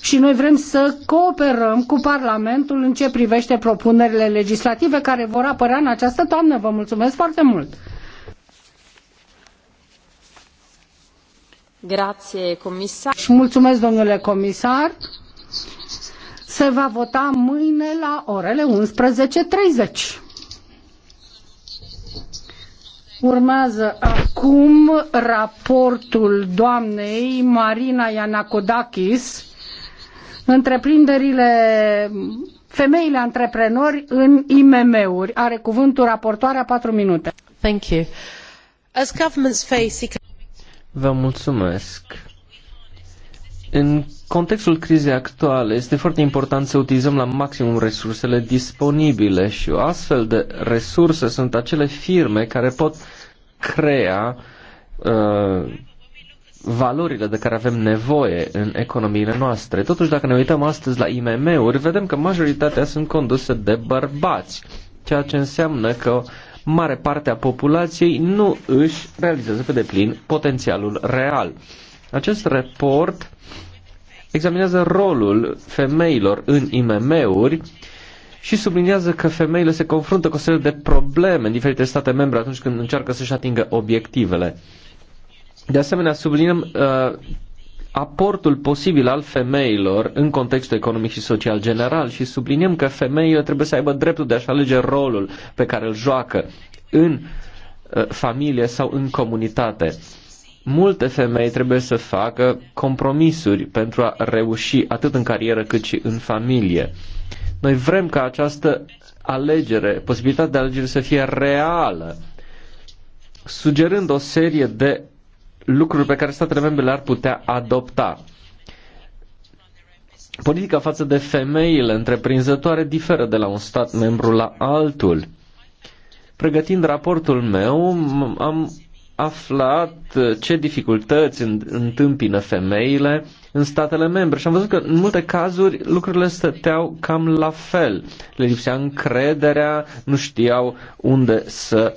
și noi vrem să cooperăm cu Parlamentul în ce privește propunerile legislative care vor apărea în această toamnă. Vă mulțumesc foarte mult! comisar. Și mulțumesc, domnule comisar. Se va vota mâine la orele 11.30. Urmează acum raportul doamnei Marina Ianacodakis întreprinderile, femeile antreprenori în IMM-uri. Are cuvântul raportoarea 4 minute. Thank you. As governments face... Vă mulțumesc. În contextul crizei actuale este foarte important să utilizăm la maximum resursele disponibile și o astfel de resurse sunt acele firme care pot crea uh, valorile de care avem nevoie în economiile noastre. Totuși, dacă ne uităm astăzi la IMM-uri, vedem că majoritatea sunt conduse de bărbați, ceea ce înseamnă că mare parte a populației nu își realizează pe deplin potențialul real. Acest report examinează rolul femeilor în IMM-uri și subliniază că femeile se confruntă cu o serie de probleme în diferite state membre atunci când încearcă să-și atingă obiectivele. De asemenea, subliniem uh, aportul posibil al femeilor în contextul economic și social general și subliniem că femeile trebuie să aibă dreptul de a-și alege rolul pe care îl joacă în uh, familie sau în comunitate. Multe femei trebuie să facă compromisuri pentru a reuși atât în carieră cât și în familie. Noi vrem ca această alegere, posibilitatea de alegere să fie reală, sugerând o serie de lucruri pe care statele membre le-ar putea adopta. Politica față de femeile întreprinzătoare diferă de la un stat membru la altul. Pregătind raportul meu, am aflat ce dificultăți întâmpină femeile în statele membre și am văzut că în multe cazuri lucrurile stăteau cam la fel. Le lipsea încrederea, nu știau unde să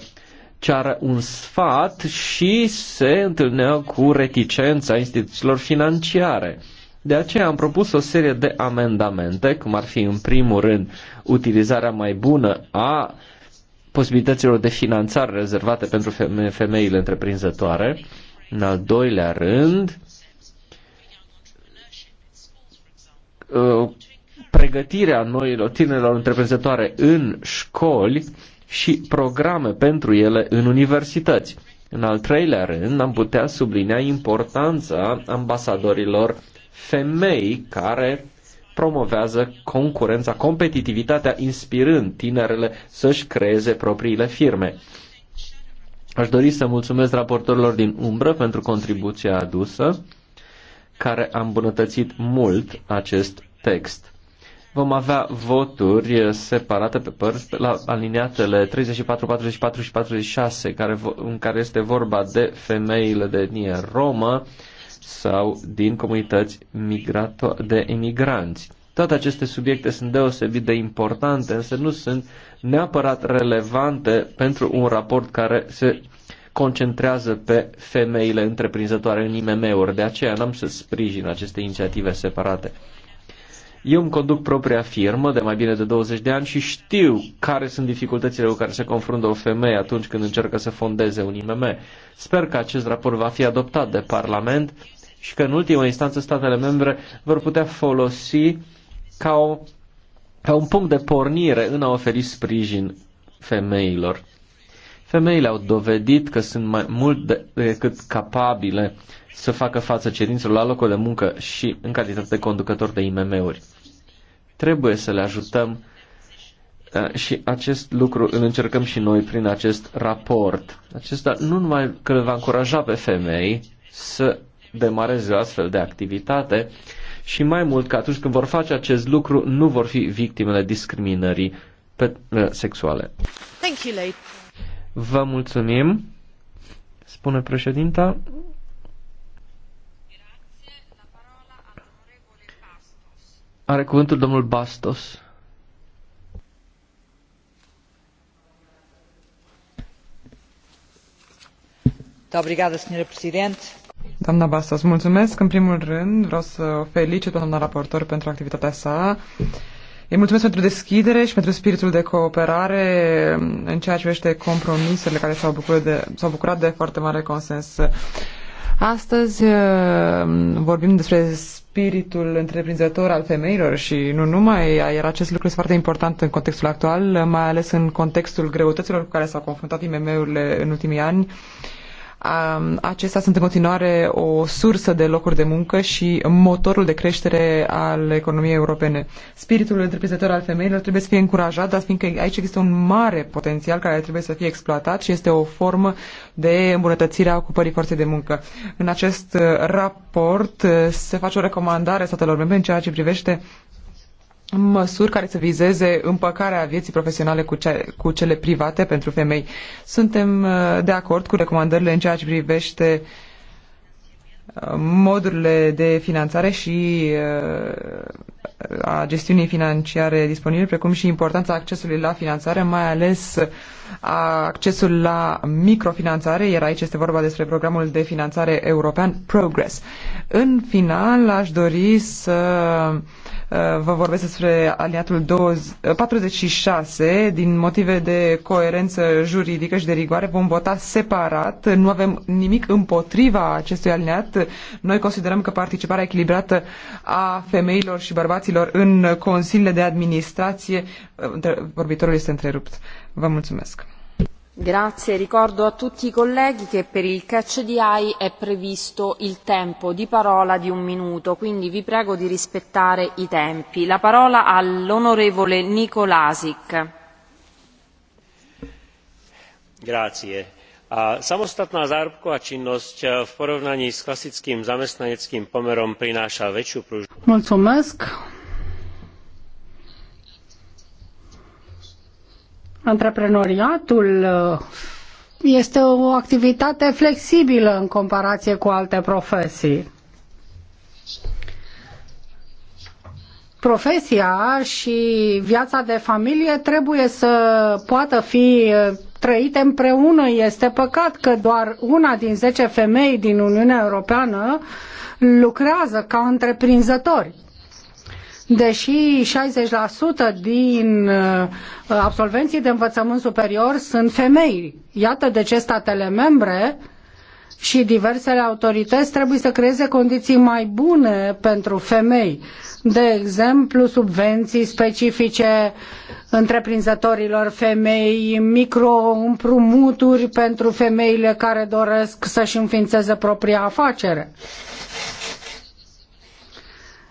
ceară un sfat și se întâlneau cu reticența instituțiilor financiare. De aceea am propus o serie de amendamente, cum ar fi în primul rând utilizarea mai bună a posibilităților de finanțare rezervate pentru feme femeile întreprinzătoare. În al doilea rând, uh, pregătirea noilor tinerilor întreprinzătoare în școli și programe pentru ele în universități. În al treilea rând, am putea sublinea importanța ambasadorilor femei care promovează concurența, competitivitatea, inspirând tinerele să-și creeze propriile firme. Aș dori să mulțumesc raportorilor din umbră pentru contribuția adusă, care a îmbunătățit mult acest text vom avea voturi separate pe părți la aliniatele 34, 44 și 46, care, în care este vorba de femeile de etnie romă sau din comunități migrato- de emigranți. Toate aceste subiecte sunt deosebit de importante, însă nu sunt neapărat relevante pentru un raport care se concentrează pe femeile întreprinzătoare în IMM-uri. De aceea n-am să sprijin aceste inițiative separate. Eu îmi conduc propria firmă de mai bine de 20 de ani și știu care sunt dificultățile cu care se confruntă o femeie atunci când încearcă să fondeze un IMM. Sper că acest raport va fi adoptat de Parlament și că în ultima instanță statele membre vor putea folosi ca, o, ca un punct de pornire în a oferi sprijin femeilor. Femeile au dovedit că sunt mai mult decât capabile să facă față cerințelor la locul de muncă și în calitate de conducător de IMM-uri. Trebuie să le ajutăm uh, și acest lucru îl încercăm și noi prin acest raport. Acesta nu numai că le va încuraja pe femei să demareze o astfel de activitate, și mai mult că atunci când vor face acest lucru nu vor fi victimele discriminării pe, uh, sexuale. Thank you, Vă mulțumim, spune președinta. Are cuvântul domnul Bastos. Da, doamna Bastos, mulțumesc. În primul rând vreau să o felicit pe doamna raportor pentru activitatea sa. Îi mulțumesc pentru deschidere și pentru spiritul de cooperare în ceea ce vește compromisurile care s-au bucurat, s-au bucurat de foarte mare consens. Astăzi uh, vorbim despre spiritul întreprinzător al femeilor și nu numai, iar acest lucru este foarte important în contextul actual, mai ales în contextul greutăților cu care s-au confruntat IMM-urile în ultimii ani Acestea sunt în continuare o sursă de locuri de muncă și motorul de creștere al economiei europene. Spiritul întreprinzător al femeilor trebuie să fie încurajat, dar fiindcă aici există un mare potențial care trebuie să fie exploatat și este o formă de îmbunătățire a ocupării forței de muncă. În acest uh, raport uh, se face o recomandare statelor membre în ceea ce privește măsuri care să vizeze împăcarea vieții profesionale cu, ce, cu cele private pentru femei. Suntem uh, de acord cu recomandările în ceea ce privește uh, modurile de finanțare și uh, a gestiunii financiare disponibile, precum și importanța accesului la finanțare, mai ales a accesul la microfinanțare, iar aici este vorba despre programul de finanțare european Progress. În final, aș dori să uh, vă vorbesc despre aliatul 20, 46 din motive de coerență juridică și de rigoare vom vota separat, nu avem nimic împotriva acestui aliat. Noi considerăm că participarea echilibrată a femeilor și bărbaților bărbaților în consiliile de administrație. Vorbitorul este întrerupt. Vă mulțumesc. Grazie, ricordo a tutti i colleghi che per il catch di AI è previsto il tempo di parola di un minuto, quindi vi prego di rispettare i tempi. La parola all'onorevole Nicolasic. Grazie A samostatná zárobková činnosť eh, v porovnaní s klasickým zamestnaneckým pomerom prináša väčšiu pružnosť antreprenoriatul uh, este o activitate flexibilă în comparație cu alte profesii. Profesia și viața de familie trebuie să poată fi uh, trăite împreună. Este păcat că doar una din zece femei din Uniunea Europeană lucrează ca întreprinzători deși 60% din uh, absolvenții de învățământ superior sunt femei. Iată de ce statele membre și diversele autorități trebuie să creeze condiții mai bune pentru femei. De exemplu, subvenții specifice întreprinzătorilor femei, micro-împrumuturi pentru femeile care doresc să-și înființeze propria afacere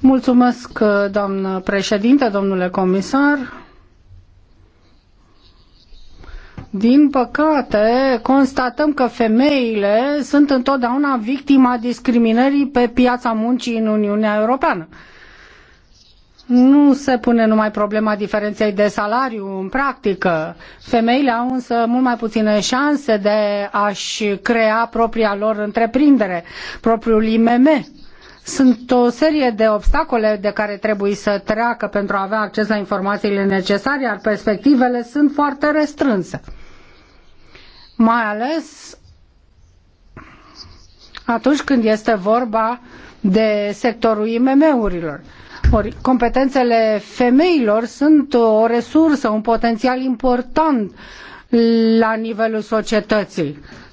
Mulțumesc, uh, doamnă președinte, domnule comisar. Din păcate, constatăm că femeile sunt întotdeauna victima discriminării pe piața muncii în Uniunea Europeană. Nu se pune numai problema diferenței de salariu în practică. Femeile au însă mult mai puține șanse de a-și crea propria lor întreprindere, propriul IMM sunt o serie de obstacole de care trebuie să treacă pentru a avea acces la informațiile necesare, iar perspectivele sunt foarte restrânse. Mai ales atunci când este vorba de sectorul IMM-urilor. Ori, competențele femeilor sunt o resursă, un potențial important la nivelul societății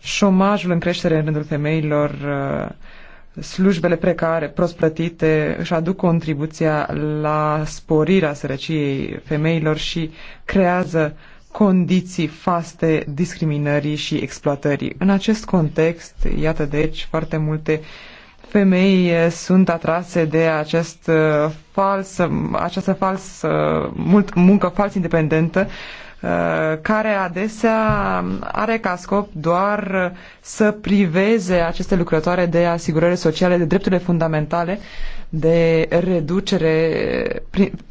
șomajul în creștere în rândul femeilor, uh, slujbele precare, prost plătite, își aduc contribuția la sporirea sărăciei femeilor și creează condiții faste discriminării și exploatării. În acest context, iată deci, foarte multe femei uh, sunt atrase de acest uh, fals, această fals, mult, muncă fals independentă, uh, Uh, care adesea are ca scop doar să priveze aceste lucrătoare de asigurări sociale, de drepturile fundamentale, de reducere,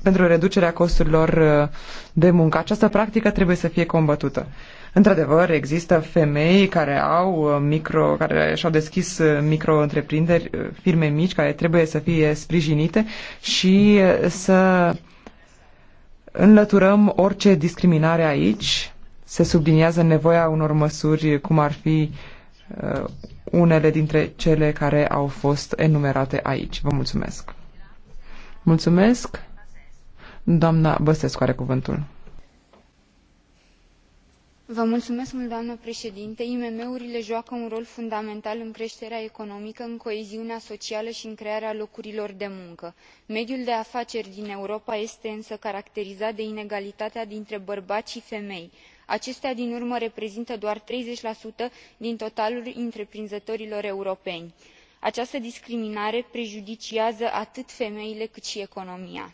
pentru reducerea costurilor uh, de muncă. Această practică trebuie să fie combătută. Într-adevăr, există femei care au uh, micro, care și-au deschis micro-întreprinderi, firme mici care trebuie să fie sprijinite și să înlăturăm orice discriminare aici. Se subliniază nevoia unor măsuri, cum ar fi uh, unele dintre cele care au fost enumerate aici. Vă mulțumesc. Mulțumesc. Doamna Băsescu are cuvântul imm urile joacă un rol fundamental în creterea economică în coeziunea socială i în crearea locurilor de muncă. mediul de afaceri din europa este însă caracterizat de inegalitatea dintre bărbai i femei Acestea din urmă reprezintă doar treizeci din totalul întreprinzătorilor europeni. această discriminare prejudiciază atât femeile cât i economia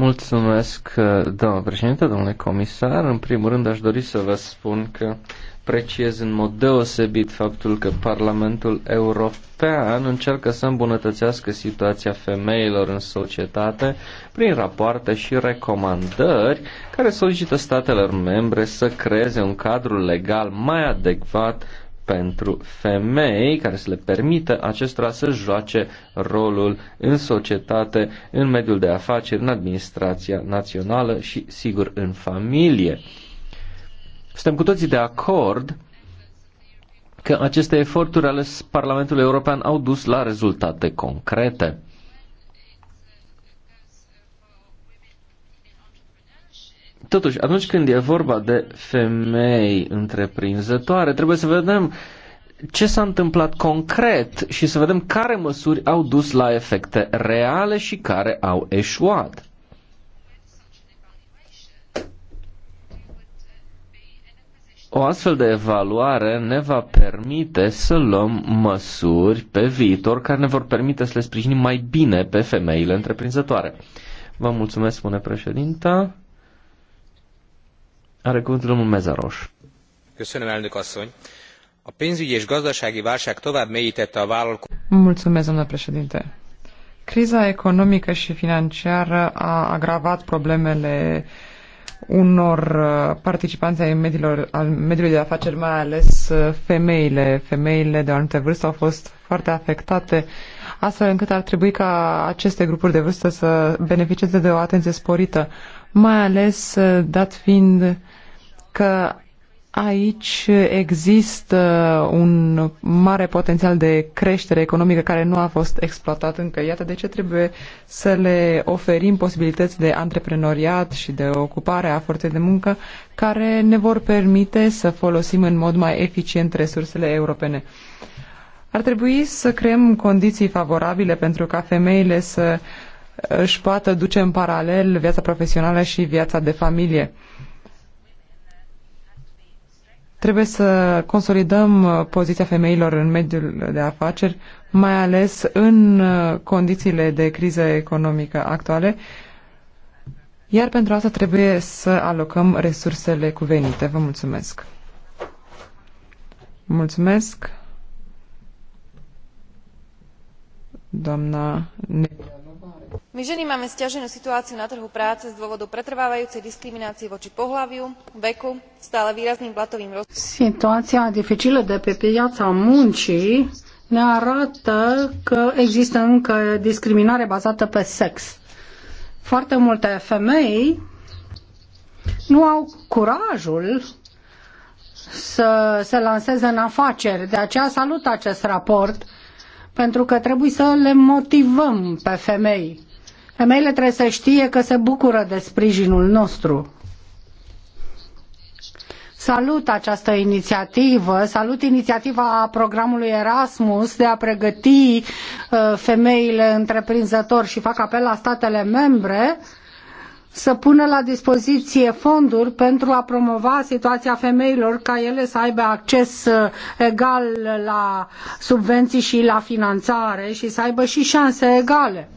Mulțumesc, uh, doamnă președinte, domnule comisar. În primul rând aș dori să vă spun că preciez în mod deosebit faptul că Parlamentul European încearcă să îmbunătățească situația femeilor în societate prin rapoarte și recomandări care solicită statelor membre să creeze un cadru legal mai adecvat pentru femei care să le permită acestora să joace rolul în societate, în mediul de afaceri, în administrația națională și, sigur, în familie. Suntem cu toții de acord că aceste eforturi ale Parlamentului European au dus la rezultate concrete. Totuși, atunci când e vorba de femei întreprinzătoare, trebuie să vedem ce s-a întâmplat concret și să vedem care măsuri au dus la efecte reale și care au eșuat. O astfel de evaluare ne va permite să luăm măsuri pe viitor care ne vor permite să le sprijinim mai bine pe femeile întreprinzătoare. Vă mulțumesc, spune președinta. Are cuvântul domnul Mezaros. A pénzügyi és gazdasági válság tovább mélyítette a vállalkozók. Mulțumesc, domnule președinte. Criza economică și financiară a agravat problemele unor uh, participanți ai mediilor, al mediului de afaceri, mai ales uh, femeile. Femeile de o anumită vârstă au fost foarte afectate, astfel încât ar trebui ca aceste grupuri de vârstă să beneficieze de o atenție sporită mai ales uh, dat fiind că aici există un mare potențial de creștere economică care nu a fost exploatat încă. Iată de ce trebuie să le oferim posibilități de antreprenoriat și de ocupare a forței de muncă care ne vor permite să folosim în mod mai eficient resursele europene. Ar trebui să creăm condiții favorabile pentru ca femeile să uh, își poată duce în paralel viața profesională și viața de familie. Trebuie să consolidăm poziția femeilor în mediul de afaceri, mai ales în condițiile de criză economică actuale, iar pentru asta trebuie să alocăm resursele cuvenite. Vă mulțumesc! Mulțumesc! Doamna Nebia my ženy máme sťaženú situáciu na trhu práce z dôvodu pretrvávajúcej diskriminácie voči pohlaviu veku stále výrazným platovým Situația dificilă de pe piața muncii ne arată că există încă discriminare bazată pe sex. Foarte multe femei nu au curajul să se lanseze în afaceri. De aceea salut acest raport pentru că trebuie să le motivăm pe femei. Femeile trebuie să știe că se bucură de sprijinul nostru. Salut această inițiativă, salut inițiativa programului Erasmus de a pregăti uh, femeile întreprinzători și fac apel la statele membre uh, să pună la dispoziție fonduri pentru a promova situația femeilor ca ele să aibă acces uh, egal la subvenții și la finanțare și să aibă și șanse egale.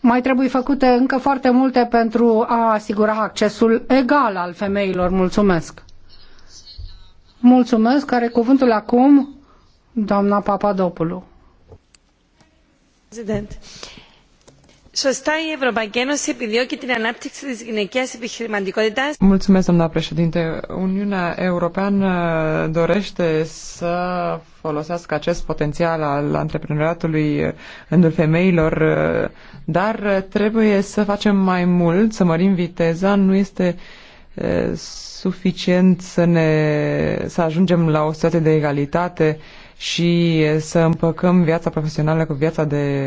Mai trebuie făcute încă foarte multe pentru a asigura accesul egal al femeilor. Mulțumesc! Mulțumesc! Care cuvântul acum? Doamna Papadopoulou. Prezident. Σωστά η Ευρωπαϊκή Ένωση επιδιώκει την ανάπτυξη της γυναικείας επιχειρηματικότητας. Mulțumesc, doamna președinte. Uniunea Europeană uh, dorește să folosească acest potențial al antreprenoriatului uh, în rândul femeilor, uh, dar trebuie să facem mai mult, să mărim viteza. Nu este suficient să, ne, să ajungem la o situație de egalitate și să împăcăm viața profesională cu viața de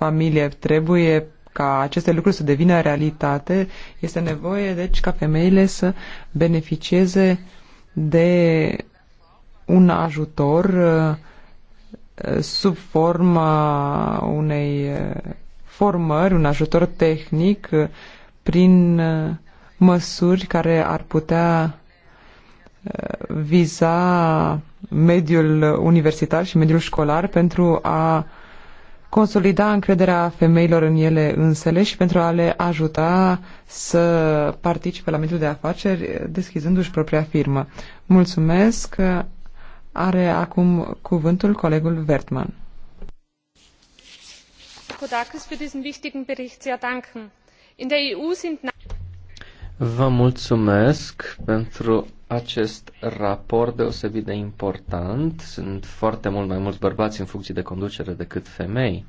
familie. Trebuie ca aceste lucruri să devină realitate. Este nevoie, deci, ca femeile să beneficieze de un ajutor uh, sub forma unei uh, formări, un ajutor tehnic uh, prin măsuri care ar putea viza mediul universitar și mediul școlar pentru a consolida încrederea femeilor în ele însele și pentru a le ajuta să participe la mediul de afaceri deschizându-și propria firmă. Mulțumesc. Are acum cuvântul colegul Vertman. Kodakis für diesen wichtigen Bericht sehr danken. In der EU sind Vă mulțumesc pentru acest raport deosebit de important. Sunt foarte mult mai mulți bărbați în funcție de conducere decât femei.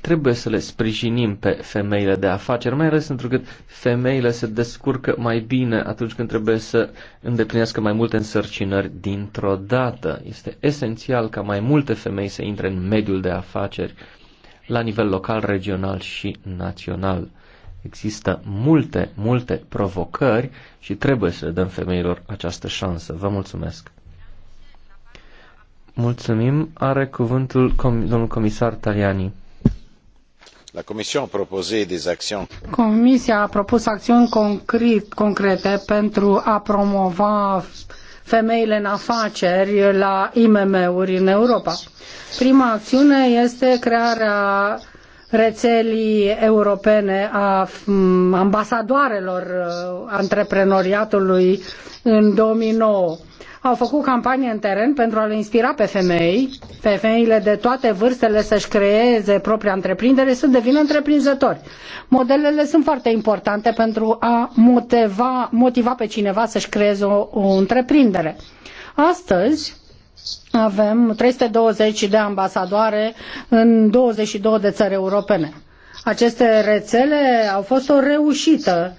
trebuie să le sprijinim pe femeile de afaceri, mai ales pentru că femeile se descurcă mai bine atunci când trebuie să îndeplinească mai multe însărcinări dintr-o dată. Este esențial ca mai multe femei să intre în mediul de afaceri la nivel local, regional și național. Există multe, multe provocări și trebuie să le dăm femeilor această șansă. Vă mulțumesc! Mulțumim. Are cuvântul domnul comisar Taliani. Comisia a propus acțiuni concrete pentru a promova femeile în afaceri la IMM-uri în Europa. Prima acțiune este crearea rețelii europene a mm, ambasadoarelor uh, antreprenoriatului în 2009 au făcut campanie în teren pentru a le inspira pe femei, femeile de toate vârstele să-și creeze propria întreprindere, să devină întreprinzători. Modelele sunt foarte importante pentru a motiva, motiva pe cineva să-și creeze o, o întreprindere. Astăzi, avem 320 de ambasadoare în 22 de țări europene. Aceste rețele au fost o reușită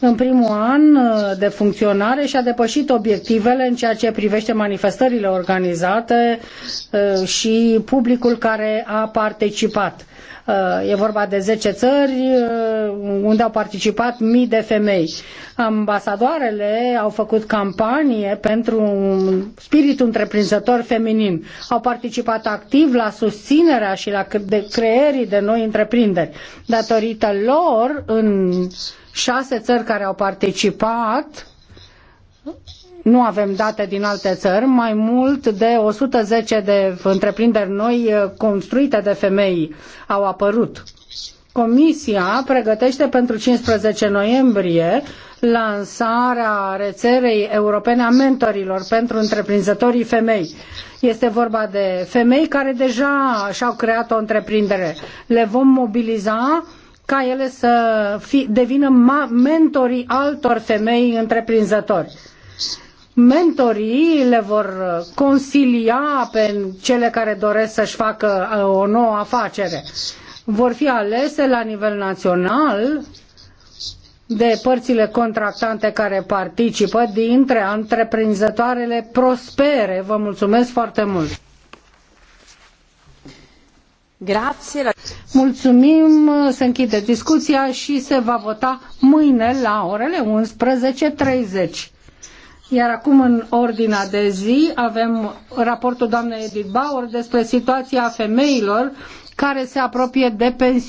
în primul an uh, de funcționare și a depășit obiectivele în ceea ce privește manifestările organizate uh, și publicul care a participat. Uh, e vorba de zece țări unde au participat mii de femei. Ambasadoarele au făcut campanie pentru un spirit întreprinzător feminin. Au participat activ la susținerea și la creierii de noi întreprinderi. Datorită lor, în șase țări care au participat, nu avem date din alte țări, mai mult de 110 de întreprinderi noi eh, construite de femei au apărut. Comisia pregătește pentru 15 noiembrie lansarea rețelei europene a mentorilor pentru întreprinzătorii femei. Este vorba de femei care deja și-au creat o întreprindere. Le vom mobiliza ca ele să fi, devină mentorii altor femei întreprinzători. Mentorii le vor consilia pe cele care doresc să-și facă uh, o nouă afacere. Vor fi alese la nivel național de părțile contractante care participă dintre antreprinzătoarele prospere. Vă mulțumesc foarte mult! Grație. Mulțumim, se închide discuția și se va vota mâine la orele 11.30. Iar acum în ordinea de zi avem raportul doamnei Edith Bauer despre situația femeilor care se apropie de pensiune.